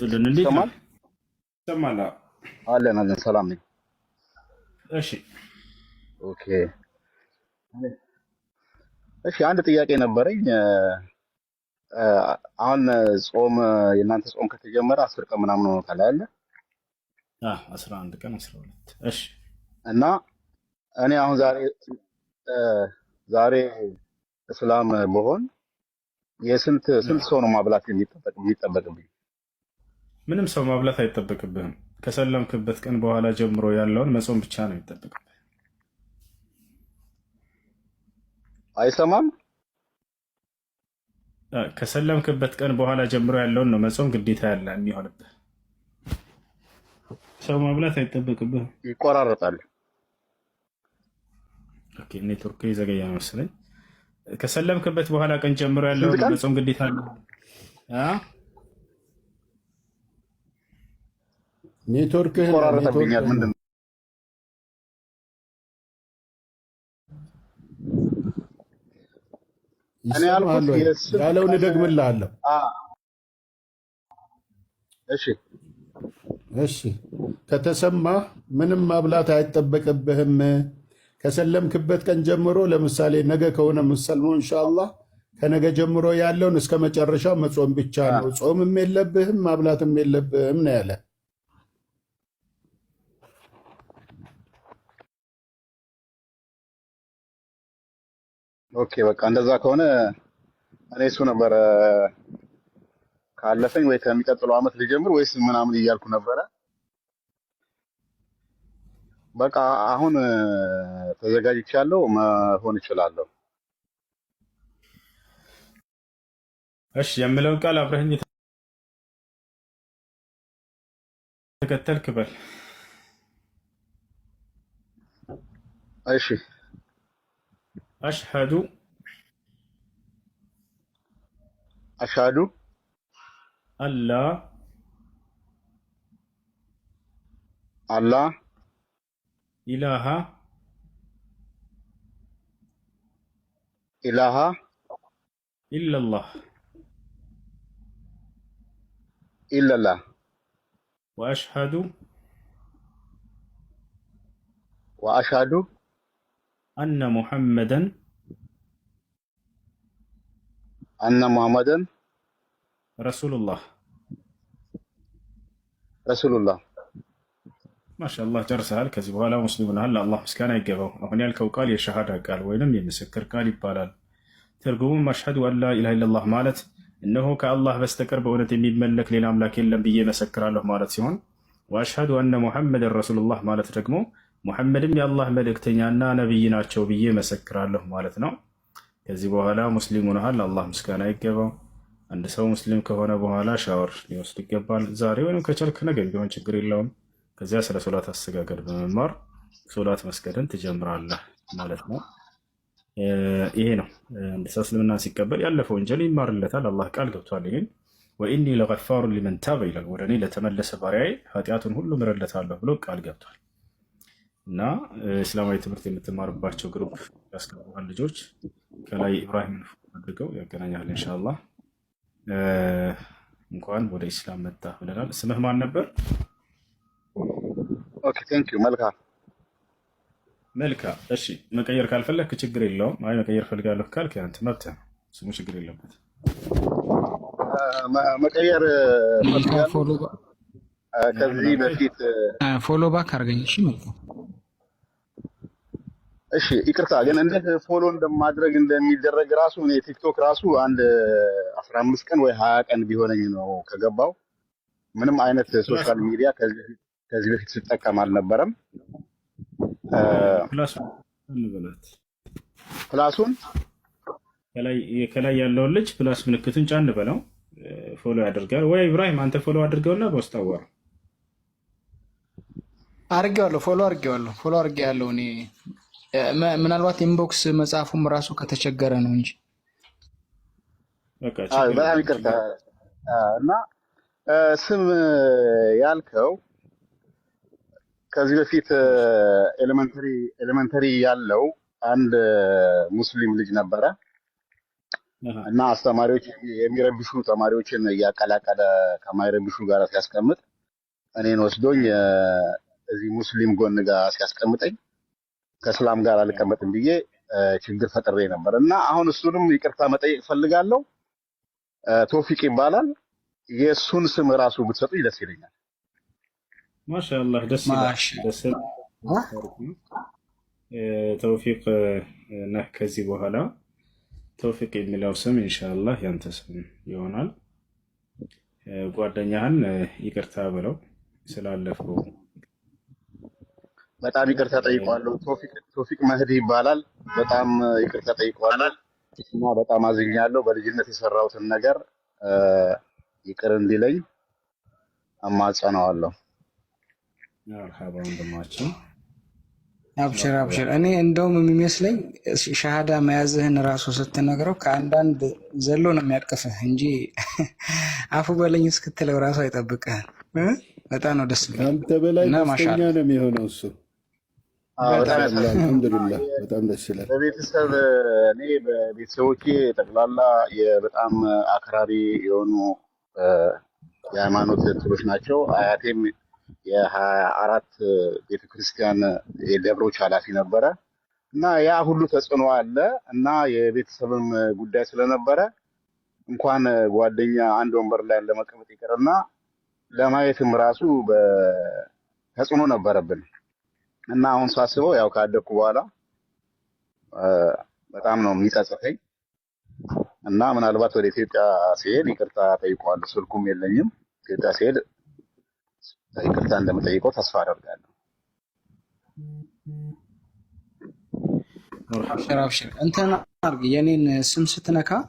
ጥልን እንዴት ነው? ይሰማል? አለን አለን፣ ሰላም ነኝ። እሺ ኦኬ፣ እሺ። አንድ ጥያቄ ነበረኝ። አሁን ጾም የእናንተ ጾም ከተጀመረ አስር ቀን ምናምን ሆኖ አይደል? አስራ አንድ ቀን አስራ ሁለት እሺ። እና እኔ አሁን ዛሬ ዛሬ እስላም በሆን የስንት ስንት ሰው ነው ማብላት የሚጠበቅብኝ? ምንም ሰው ማብላት አይጠበቅብህም። ከሰለምክበት ቀን በኋላ ጀምሮ ያለውን መጾም ብቻ ነው ይጠበቅብህ። አይሰማም። ከሰለምክበት ቀን በኋላ ጀምሮ ያለውን ነው መጾም ግዴታ ያለ የሚሆንብህ። ሰው ማብላት አይጠበቅብህም። ይቆራረጣል። ኔትወርክ የዘገየ መሰለኝ። ከሰለምክበት በኋላ ቀን ጀምሮ ያለውን መጾም ግዴታ አለ። ኔትወርክ ቆራረጠብኛል። ምንድን እኔ ያለውን እደግምልሃለሁ። እሺ እሺ፣ ከተሰማ ምንም ማብላት አይጠበቅብህም። ከሰለምክበት ቀን ጀምሮ ለምሳሌ ነገ ከሆነ ምሰልሞ እንሻላ ከነገ ጀምሮ ያለውን እስከ መጨረሻው መጾም ብቻ ነው። ጾምም የለብህም ማብላትም የለብህም ነው ያለ። ኦኬ በቃ እንደዛ ከሆነ እኔ እሱ ነበረ ካለፈኝ ወይ ከሚቀጥለው አመት ሊጀምር ወይስ ምናምን እያልኩ ነበረ። በቃ አሁን ተዘጋጅቻለሁ፣ መሆን እችላለሁ። እሺ የምለውን ቃል አብረህኝ ተከተልክ በል። እሺ أشهد أشهد ألا ألا إله إله إلا الله إلا الله وأشهد وأشهد أن محمدا أن محمدا رسول الله رسول الله ما شاء الله جرس هل كذب ولا مسلمون هل الله سكان يقبو أغني الكو قال وين شهادة قال يمسكر قال يبالال ترقوم مشهد أن لا إله إلا الله مالت إنه كالله بستكر بأونة مملك للأملاك إلا بي مسكر الله مالت سيهون وأشهد أن محمد رسول الله مالت رقمه ሙሐመድም የአላህ መልእክተኛና ነቢይ ናቸው ብዬ መሰክራለሁ ማለት ነው። ከዚህ በኋላ ሙስሊም ሆነሃል፣ አላህ ምስጋና ይገባው። አንድ ሰው ሙስሊም ከሆነ በኋላ ሻወር ሊወስድ ይገባል። ዛሬ ወይም ከቻልክ ነገ ቢሆን ችግር የለውም። ከዚያ ስለ ሶላት አሰጋገድ በመማር ሶላት መስገድን ትጀምራለህ ማለት ነው። ይሄ ነው አንድ ሰው እስልምና ሲቀበል ያለፈው ወንጀል ይማርለታል። አላህ ቃል ገብቷል። ይህን ወኢኒ ለገፋሩ ሊመንታበ ይላል። ወደ እኔ ለተመለሰ ባሪያዬ ኃጢአቱን ሁሉ ምረለታለሁ ብሎ ቃል ገብቷል። እና እስላማዊ ትምህርት የምትማርባቸው ግሩፕ ያስገቡሃል ልጆች ከላይ ኢብራሂምን አድርገው ያገናኛል። እንሻላ እንኳን ወደ ኢስላም መጣ ብለናል። ስምህ ማን ነበር? መልካም መልካም። እሺ መቀየር ካልፈለክ ችግር የለውም። አይ መቀየር ፈልጋለሁ ካልክ ያንተ መብት ነው። ስሙ ችግር የለበት። መቀየር ፈልጋለሁ ከዚህ በፊት ፎሎ ባክ አድርገኝ። እሺ መልካም እሺ ይቅርታ ግን እንዴት ፎሎ እንደማድረግ እንደሚደረግ ራሱ እኔ ቲክቶክ ራሱ አንድ አስራ አምስት ቀን ወይ ሀያ ቀን ቢሆነኝ ነው ከገባው። ምንም አይነት ሶሻል ሚዲያ ከዚህ በፊት ስጠቀም አልነበረም። ፕላሱን ከላይ ያለውን ልጅ ፕላስ ምልክቱን ጫን በለው ፎሎ ያደርጋል። ወይ ኢብራሂም አንተ ፎሎ አድርገውና በውስጥ አወራ አድርጌዋለሁ። ፎሎ አርጌዋለሁ ፎሎ አርጌ ያለው እኔ ምናልባት ኢንቦክስ መጽሐፉም ራሱ ከተቸገረ ነው እንጂ በጣም ይቅርታ እና ስም ያልከው ከዚህ በፊት ኤሌመንተሪ ኤሌመንተሪ ያለው አንድ ሙስሊም ልጅ ነበረ እና አስተማሪዎች የሚረብሹ ተማሪዎችን እያቀላቀለ ከማይረብሹ ጋር ሲያስቀምጥ እኔን ወስዶኝ እዚህ ሙስሊም ጎን ጋር ሲያስቀምጠኝ ከእስላም ጋር አልቀመጥም ብዬ ችግር ፈጥሬ ነበር እና አሁን እሱንም ይቅርታ መጠየቅ እፈልጋለሁ። ቶፊቅ ይባላል። የእሱን ስም እራሱ ብትሰጡኝ ደስ ይለኛል። ማሻአላህ ደስ ይላል። ተውፊቅ ነህ። ከዚህ በኋላ ተውፊቅ የሚለው ስም ኢንሻአላህ ያንተ ስም ይሆናል። ጓደኛህን ይቅርታ ብለው ስላለፈው በጣም ይቅርታ ጠይቋለሁ። ቶፊቅ መህዲ ይባላል። በጣም ይቅርታ ጠይቋለሁ እና በጣም አዝኛለሁ። በልጅነት የሰራሁትን ነገር ይቅር እንዲለኝ አማጸነዋለሁ። አብሽር አብሽር። እኔ እንደውም የሚመስለኝ ሻሃዳ መያዝህን ራሱ ስትነግረው ከአንዳንድ ዘሎ ነው የሚያድቅፍህ እንጂ አፉ በለኝ እስክትለው እራሱ አይጠብቅህም። በጣም ነው ደስ የሚለው። አንተ በላይ ደስተኛ ነው የሚሆነው እሱ አልሐምዱሊላህ በጣም ደስ ይላል። በቤተሰብ እኔ በቤተሰቦቼ ጠቅላላ በጣም አክራሪ የሆኑ የሃይማኖት ትሎች ናቸው። አያቴም የሀያ አራት ቤተክርስቲያን የደብሮች ኃላፊ ነበረ እና ያ ሁሉ ተጽዕኖ አለ እና የቤተሰብም ጉዳይ ስለነበረ እንኳን ጓደኛ አንድ ወንበር ላይ ለመቀመጥ ይቅርና ለማየትም ራሱ ተጽዕኖ ነበረብን። እና አሁን ሳስበው ያው ካደኩ በኋላ በጣም ነው የሚጸጽተኝ እና ምናልባት ወደ ኢትዮጵያ ሲሄድ ይቅርታ ጠይቀዋለሁ። ስልኩም የለኝም። ኢትዮጵያ ሲሄድ ይቅርታ እንደምጠይቀው ተስፋ አደርጋለሁ። አብሽር አብሽር እንትን አድርግ የኔን ስም ስትነካ